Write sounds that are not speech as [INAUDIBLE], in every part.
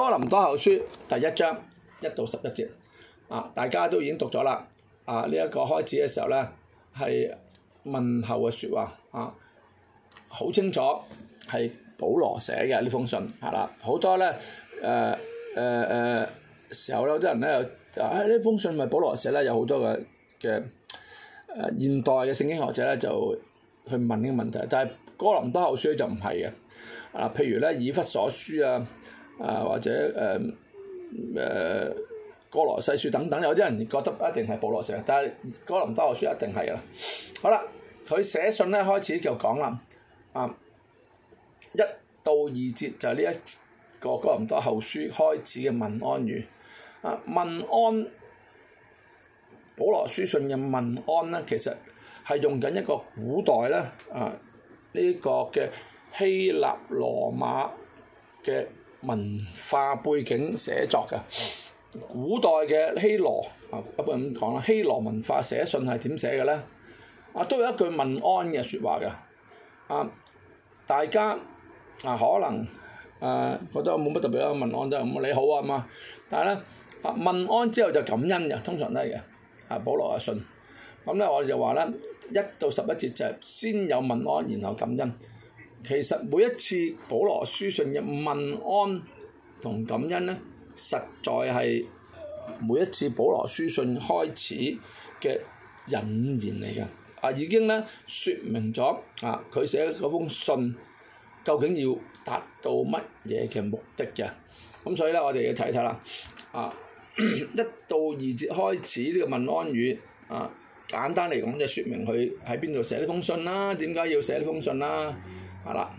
哥林多後書第一章一到十一節啊，大家都已經讀咗啦。啊，呢、這、一個開始嘅時候咧，係問候嘅説話啊，好清楚係保羅寫嘅呢封信係啦。好多咧誒誒誒時候咧、啊，有啲人咧就啊呢封信咪保羅寫咧，有好多嘅嘅現代嘅聖經學者咧就去問呢個問題，但係哥林多後書就唔係嘅。嗱、啊，譬如咧以弗所書啊。啊，或者誒誒、呃呃、哥羅西書等等，有啲人覺得一定係保羅書，但係哥林多後書一定係啊！好啦，佢寫信咧開始就講啦，啊，一到二節就係呢一個哥林多後書開始嘅問安語啊，問安，保羅書信嘅問安咧，其實係用緊一個古代咧啊呢個嘅希臘羅馬嘅文化背景寫作嘅古代嘅希羅啊，一般咁講啦，希羅文化寫信係點寫嘅咧？啊，都有一句問安嘅説話嘅啊，大家啊，可能誒、啊、覺得冇乜特別啦，問安就係咁你好啊嘛。但係咧啊，問安之後就感恩嘅，通常都係嘅。啊，保羅嘅信咁咧、啊，我哋就話咧一到十一節就係先有問安，然後感恩。其實每一次保羅書信嘅問安同感恩咧，實在係每一次保羅書信開始嘅引言嚟嘅。啊，已經咧説明咗啊，佢寫嗰封信究竟要達到乜嘢嘅目的嘅。咁所以咧，我哋要睇睇啦。啊，一到二節開始呢個問安語，啊，簡單嚟講就説明佢喺邊度寫呢封信啦，點解要寫呢封信啦？係啦，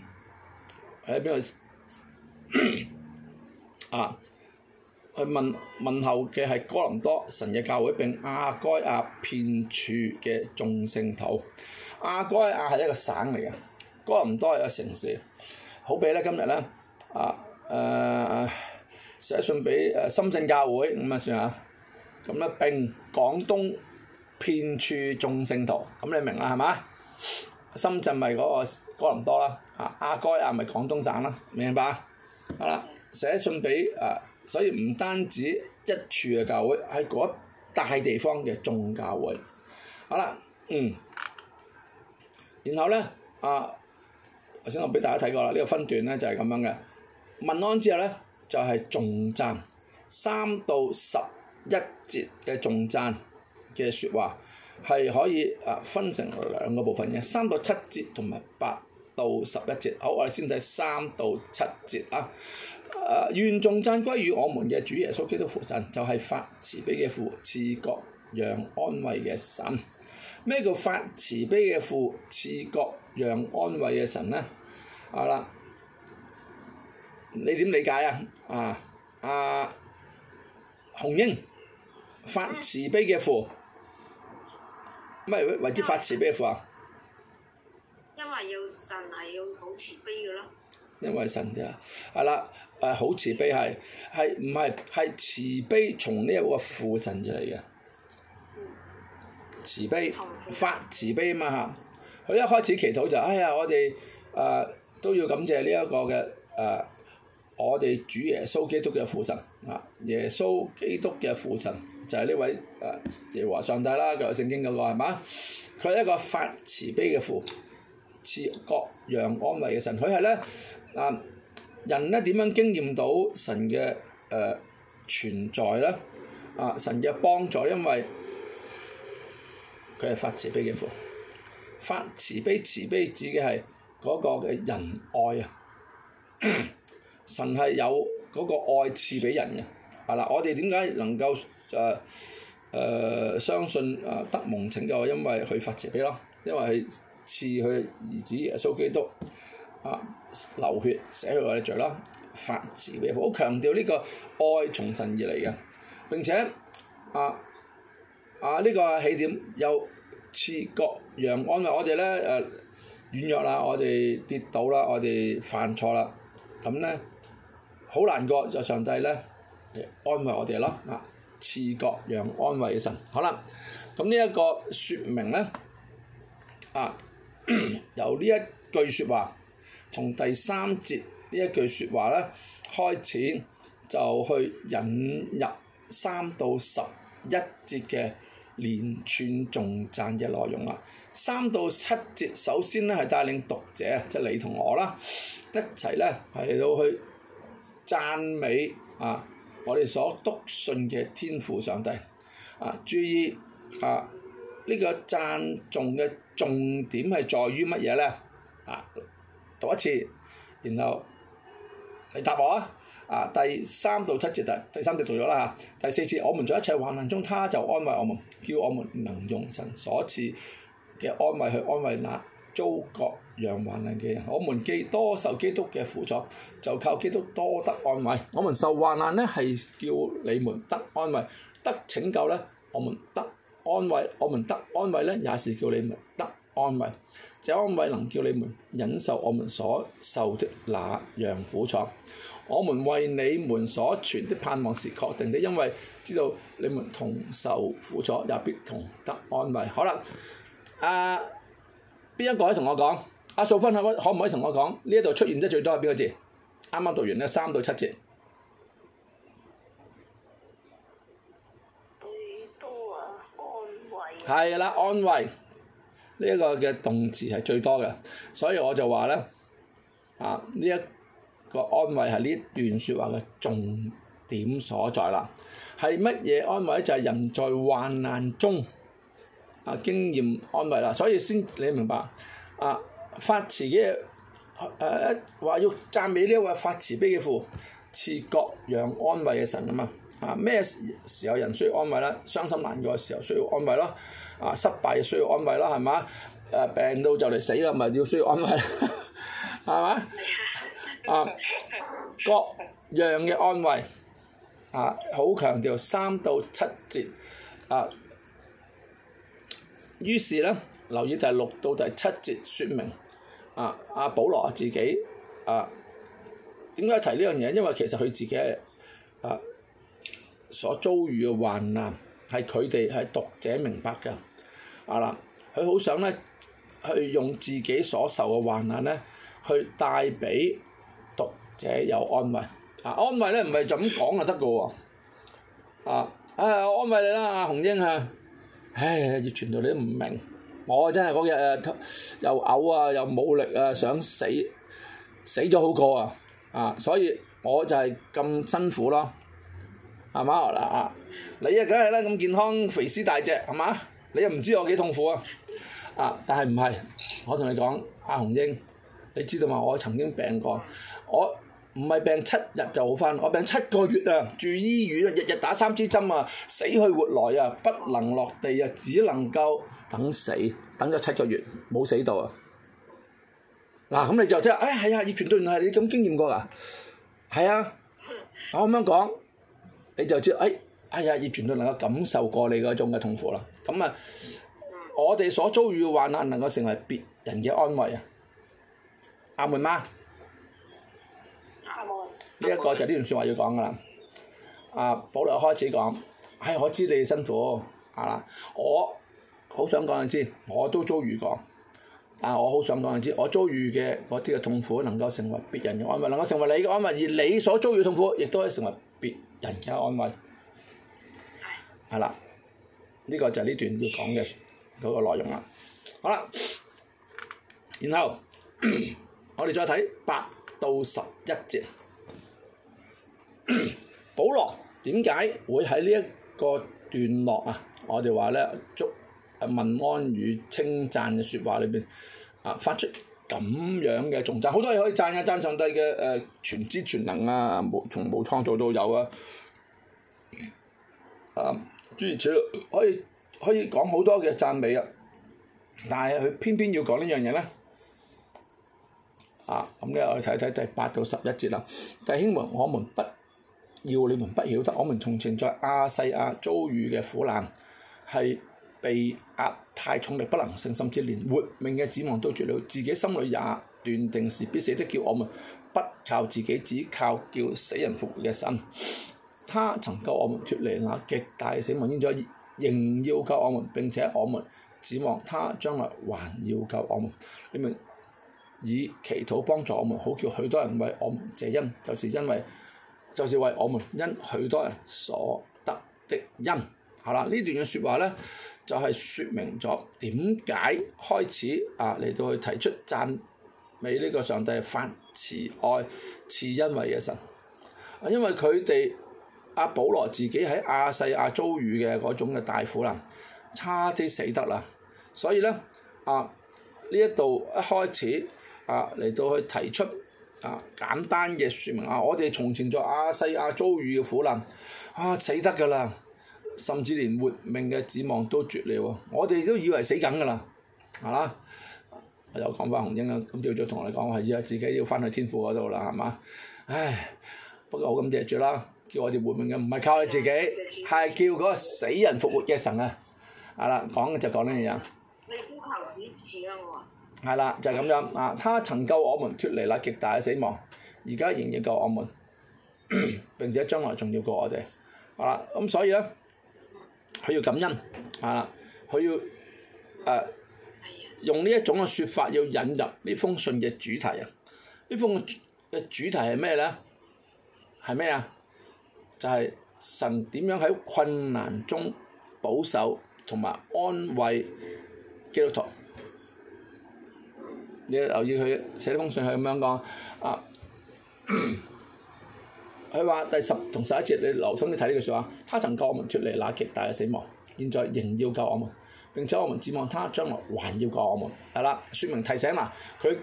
喺邊度啊？去問問候嘅係哥林多神嘅教會，並亞該亞、啊、片處嘅眾聖徒。亞該亞、啊、係一個省嚟嘅，哥林多係一個城市。好比咧，今日咧啊誒、呃、寫信俾誒深圳教會咁啊算嚇，咁咧並廣東片處眾聖徒，咁你明啦係嘛？深圳咪嗰、那個。哥林多啦，亞該亞，咪廣東省啦，明唔明白啊？寫信俾誒，所以唔單止一處嘅教會，喺嗰大地方嘅眾教會，好啦，嗯，然後咧，啊，頭先我俾大家睇過啦，呢、這個分段咧就係咁樣嘅，問安之後咧就係、是、重贊，三到十一節嘅重贊嘅説話係可以誒分成兩個部分嘅，三到七節同埋八，到十一節，好，我哋先睇三到七節啊。誒，願眾讚歸於我們嘅主耶穌基督父神，就係、是、發慈悲嘅父，賜各樣安慰嘅神。咩叫發慈悲嘅父，賜各樣安慰嘅神咧？啊啦，你點理解啊？啊啊，紅英，發慈悲嘅父，咩為之發慈悲嘅父啊？因為要神係要好慈悲嘅咯，因為神就係啦，誒好慈悲係，係唔係係慈悲從呢一個父神出嚟嘅慈悲，發慈悲啊嘛吓，佢一開始祈禱就哎呀我哋誒、啊、都要感謝呢、這、一個嘅誒、啊，我哋主耶穌基督嘅父神啊，耶穌基督嘅父神就係、是、呢位誒、啊、耶和華上帝啦，舊聖經嗰、那個係嘛，佢係一個發慈悲嘅父。似各樣安慰嘅神，佢係咧啊人咧點樣經驗到神嘅誒、呃、存在咧？啊、呃、神嘅幫助，因為佢係發慈悲嘅父，發慈悲，慈悲指嘅係嗰個嘅仁愛啊！神係有嗰個愛賜俾人嘅，係啦！我哋點解能夠誒誒、呃呃、相信誒、呃、得蒙拯救？因為佢發慈悲咯，因為佢。賜佢兒子耶穌基督，啊，流血洗我哋個罪啦，發慈悲好強調呢個愛從神而嚟嘅，並且啊啊呢、這個起點又賜各樣安慰，我哋咧誒軟弱啦，我哋跌倒啦，我哋犯錯啦，咁咧好難過，就上帝咧安慰我哋咯，啊，賜各樣安慰嘅神，好啦，咁呢一個説明咧啊～ [COUGHS] 由呢一句説話，從第三節呢一句説話咧開始，就去引入三到十一節嘅連串重讚嘅內容啦。三到七節首先咧係帶領讀者，即係你同我啦，一齊咧係到去讚美啊！我哋所篤信嘅天父上帝啊，注意啊，呢個讚頌嘅。重點係在於乜嘢咧？啊，讀一次，然後你答我啊！啊，第三到七節第第三節讀咗啦嚇，第四節我們在一切患難中，他就安慰我們，叫我們能用神所賜嘅安慰去安慰那遭各樣患難嘅人。我們既多受基督嘅苦楚，就靠基督多得安慰。我們受患難咧，係叫你們得安慰，得拯救咧，我們得安慰，我們得安慰呢，也是叫你們得安慰。這安慰能叫你們忍受我們所受的那樣苦楚。我們為你們所存的盼望是確定的，因為知道你們同受苦楚，也必同得安慰。好啦，阿、啊、邊一個可以同我講？阿、啊、素芬可可唔可以同我講？呢度出現得最多係邊個字？啱啱讀完呢三到七節。係啦，安慰呢一、這個嘅動詞係最多嘅，所以我就話咧，啊呢一、這個安慰係呢一段説話嘅重點所在啦。係乜嘢安慰咧？就係、是、人在患難中啊經驗安慰啦，所以先你明白啊，發慈，、啊、慈悲誒一話要讚美呢位發慈悲嘅父，賜各樣安慰嘅神啊嘛。啊！咩時候人需要安慰啦？傷心難過嘅時候需要安慰咯。啊！失敗需要安慰咯，係嘛？誒、啊、病到就嚟死啦，咪要需要安慰啦，係嘛？ [LAUGHS] 啊，各樣嘅安慰。啊！好強調三到七節。啊，於是咧，留意第六到第七節説明。啊！阿、啊、保羅自己啊，點解提呢樣嘢？因為其實佢自己係。所遭遇嘅患難係佢哋係讀者明白噶，啊啦，佢好想咧去用自己所受嘅患難咧去帶俾讀者有安慰，啊，安慰咧唔係就咁講就得嘅喎，啊，唉，安慰你啦，紅英啊，唉，全部你都唔明，我真係嗰日又又嘔啊，又冇力啊，想死，死咗好過啊，啊，所以我就係咁辛苦咯。係嘛？嗱啊，你啊梗係啦咁健康肥屍大隻係嘛？你又唔知我幾痛苦啊！啊，但係唔係？我同你講，阿、啊、紅英，你知道嘛？我曾經病過，我唔係病七日就好返，我病七個月啊！住醫院啊，日日打三支針啊，死去活來啊，不能落地啊，只能夠等死，等咗七個月冇死到啊！嗱、啊，咁你就即係，哎係啊！葉傳道唔係你咁經驗過啊？係啊，我咁樣講。你就知，哎，哎呀，亦全都能夠感受過你嗰種嘅痛苦啦。咁啊，我哋所遭遇嘅患難，能夠成為別人嘅安慰啊。阿門嗎？阿門。呢一個就係呢段説話要講噶啦。啊，保羅開始講，哎，我知你辛苦，啊，我好想講你知，我都遭遇過。但係我好想講你知，我遭遇嘅嗰啲嘅痛苦，能夠成為別人嘅安慰，能夠成為你嘅安慰，而你所遭遇嘅痛苦，亦都可以成為。人家安慰，係啦，呢、這個就係呢段要講嘅嗰個內容啦。好啦，然後我哋再睇八到十一節，保羅點解會喺呢一個段落啊？我哋話咧，祝問安與稱讚嘅説話裏邊啊，發出。咁樣嘅，仲贊好多嘢可以贊啊，贊上帝嘅誒全知全能啊，無從無創造都有啊，啊諸如此類，可以可以講好多嘅讚美啊，但係佢偏偏要講呢樣嘢咧，啊咁咧我哋睇睇第八到十一節啦，弟兄們，我們不要你們不曉得，我們從前在亞細亞遭遇嘅苦難係，被壓太重力不能勝，甚至連活命嘅指望都絕了，自己心裏也斷定是必死的。叫我們不靠自己，只靠叫死人復活嘅神。他曾救我們脫離那極大嘅死亡，現在仍要救我們。並且我們指望他將來還要救我們。你們以祈禱幫助我們，好叫許多人為我們謝恩。就是因為，就是為我們，因許多人所得的恩。好啦，呢段嘅説話咧。就係説明咗點解開始啊，嚟到去提出讚美呢個上帝發慈愛、慈恩為嘅神，因為佢哋阿保羅自己喺亞細亞遭遇嘅嗰種嘅大苦難，差啲死得啦，所以咧啊呢一度一開始啊嚟到去提出啊簡單嘅説明，亞亞啊，我哋從前在亞細亞遭遇嘅苦難啊死得㗎啦。甚至連活命嘅指望都絕了喎！我哋都以為死緊㗎啦，係啦，我又講翻紅英啦，咁叫再同我哋講，係要自己要翻去天父嗰度啦，係嘛？唉，不過好感謝主啦，叫我哋活命嘅唔係靠你自己，係叫嗰個死人復活嘅神啊！係啦，講嘅就講呢、啊就是、樣嘢。你呼求主啊！我係啦，就係咁樣啊！他曾救我們脫離啦極大嘅死亡，而家仍然救我們， [COUGHS] 並且將來仲要救我哋。啊，咁所以咧。佢要感恩，啊！佢要用呢一種嘅説法，要引入呢封信嘅主題啊！呢封嘅主題係咩咧？係咩啊？就係、是、神點樣喺困難中保守同埋安慰基督徒。你留意佢寫呢封信，佢咁樣講啊。.佢話第十同十一節，你留心啲睇呢句説話。他曾救我們脫離那極大嘅死亡，現在仍要救我們。並且我們指望他將來還要救我們。係啦，説明提醒啦，佢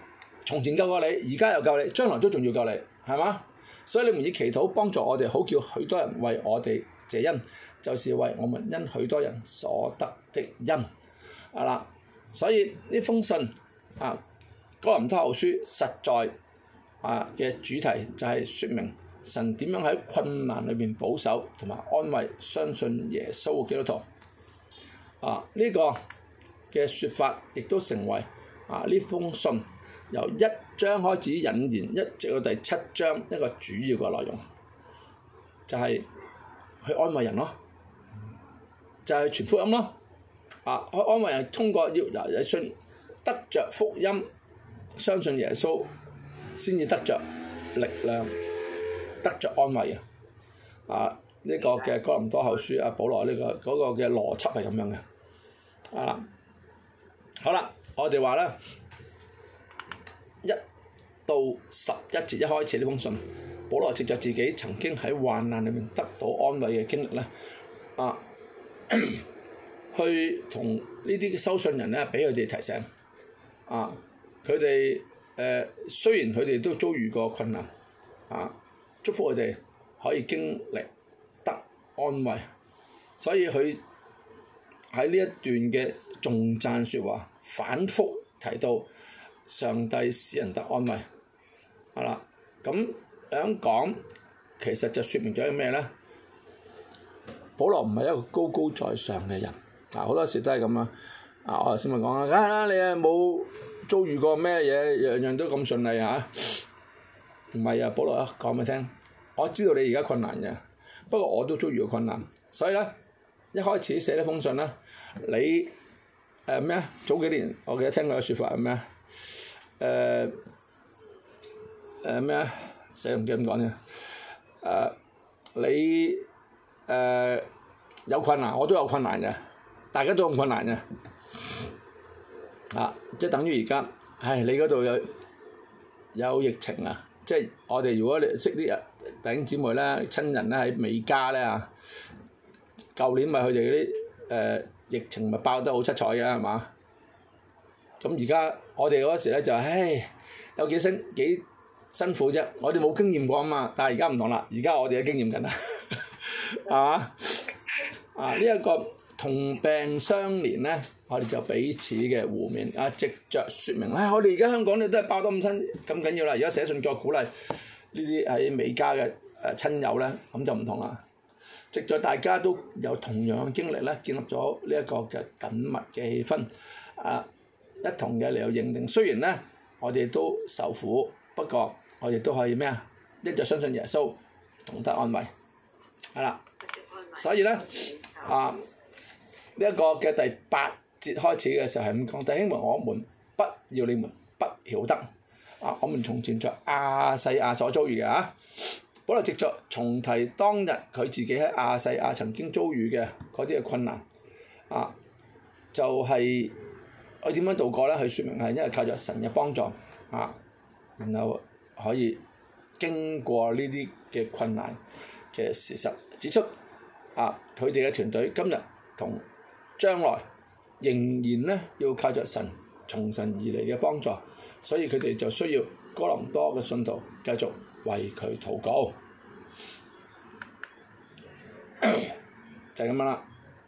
從前救過你，而家又救你，將來都仲要救你，係嘛？所以你們以祈禱幫助我哋，好叫許多人為我哋謝恩，就是為我們因許多人所得的恩。係啦，所以呢封信啊，哥林多後書實在啊嘅主題就係説明。神點樣喺困難裏邊保守同埋安慰相信耶穌嘅基督徒？啊，呢個嘅説法亦都成為啊呢封信由一章開始引言，一直到第七章一個主要嘅內容，就係去安慰人咯，就係傳福音咯。啊，去安慰人通過要信得著福音，相信耶穌先至得著力量。得着安慰啊！啊，呢、這個嘅哥林多後書啊，保羅呢、這個嗰、那個嘅邏輯係咁樣嘅啊。好啦，我哋話咧一到十一節一開始呢封信，保羅藉著自己曾經喺患難裏面得到安慰嘅經歷咧啊， [COUGHS] 去同呢啲收信人咧俾佢哋提醒啊。佢哋誒雖然佢哋都遭遇過困難啊。祝福我哋可以經歷得安慰，所以佢喺呢一段嘅重讚説話，反覆提到上帝使人得安慰，好啦，咁樣講其實就説明咗咩呢？保羅唔係一個高高在上嘅人，啊好多時都係咁啦，啊我頭先咪講啊，你啊冇遭遇過咩嘢，樣樣都咁順利嚇，唔、啊、係啊，保羅啊，講俾你聽。我知道你而家困難嘅，不過我都遭遇過困難，所以咧一開始寫呢封信咧，你誒咩啊？早幾年我記得聽過嘅説法係咩啊？誒誒咩啊？死唔記得咁講嘅，誒、呃、你誒、呃、有困難，我都有困難嘅，大家都有困難嘅，啊！即係等於而家，唉，你嗰度有有疫情啊！即係我哋如果你識啲人。弟兄姊妹咧、親人咧喺美加咧啊！舊年咪佢哋嗰啲誒疫情咪爆得好七彩嘅係嘛？咁而家我哋嗰時咧就唉有幾辛幾辛苦啫，我哋冇經驗過啊嘛，但係而家唔同啦，而家我哋嘅經驗緊啦，係 [LAUGHS] 嘛啊？呢、啊、一、這個同病相憐咧，我哋就彼此嘅互勉啊，直着説明，唉、哎，我哋而家香港咧都係爆得咁親咁緊要啦，而家寫信作鼓勵。呢啲喺美加嘅誒親友咧，咁就唔同啦。藉助大家都有同樣嘅經歷咧，建立咗呢一個嘅緊密嘅氣氛，啊一同嘅嚟到認定。雖然咧我哋都受苦，不過我哋都可以咩啊？一再相信耶穌，懂得安慰，係啦。所以咧啊，呢一個嘅第八節開始嘅時候係咁講：弟兄們，我們不要你們不曉得。啊！我們從前在亞細亞所遭遇嘅啊，保羅直著重提當日佢自己喺亞細亞曾經遭遇嘅嗰啲困難，啊，就係我點樣度過咧？佢説明係因為靠著神嘅幫助啊，然後可以經過呢啲嘅困難嘅事實，指出，啊，佢哋嘅團隊今日同將來仍然咧要靠著神從神而嚟嘅幫助。所以佢哋就需要哥林多嘅信徒繼續為佢禱告， [COUGHS] 就係、是、咁樣啦。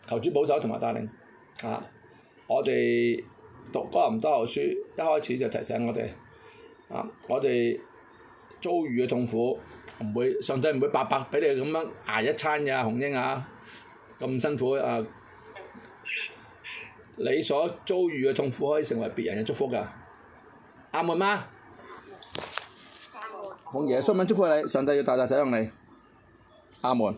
求主保守同埋帶領，啊！我哋讀哥林多後書一開始就提醒我哋，啊！我哋遭遇嘅痛苦唔會上帝唔會白白畀你咁樣捱一餐嘅，紅英啊，咁辛苦啊！你所遭遇嘅痛苦可以成為別人嘅祝福㗎。阿門嗎？奉耶穌名祝福你，上帝要大大使用你。阿門。